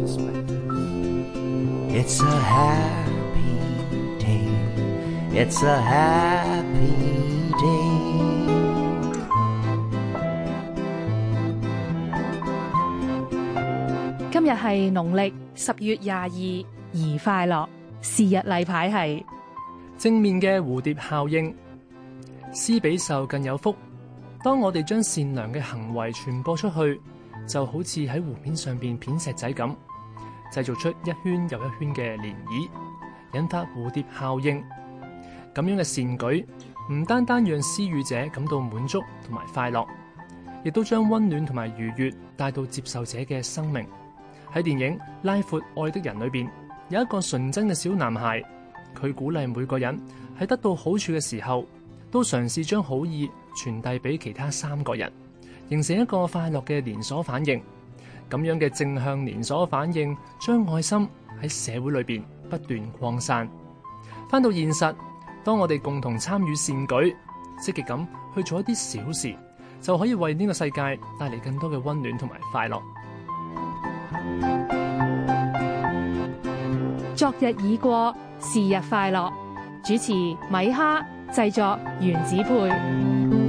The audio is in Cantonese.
It's a happy day. It's a happy day. 今日係農曆十月廿二，宜快樂。日禮是日例牌係正面嘅蝴蝶效應，施比受更有福。當我哋將善良嘅行為傳播出去，就好似喺湖面上邊片石仔咁。製造出一圈又一圈嘅漣漪，引發蝴蝶效應。咁樣嘅善舉，唔單單讓施予者感到滿足同埋快樂，亦都將温暖同埋愉悅帶到接受者嘅生命。喺電影《拉闊愛的人》裏面，有一個純真嘅小男孩，佢鼓勵每個人喺得到好處嘅時候，都嘗試將好意傳遞俾其他三個人，形成一個快樂嘅連鎖反應。咁樣嘅正向連鎖反應，將愛心喺社會裏邊不斷擴散。翻到現實，當我哋共同參與善舉，積極咁去做一啲小事，就可以為呢個世界帶嚟更多嘅溫暖同埋快樂。昨日已過，是日快樂。主持米哈，製作袁子佩。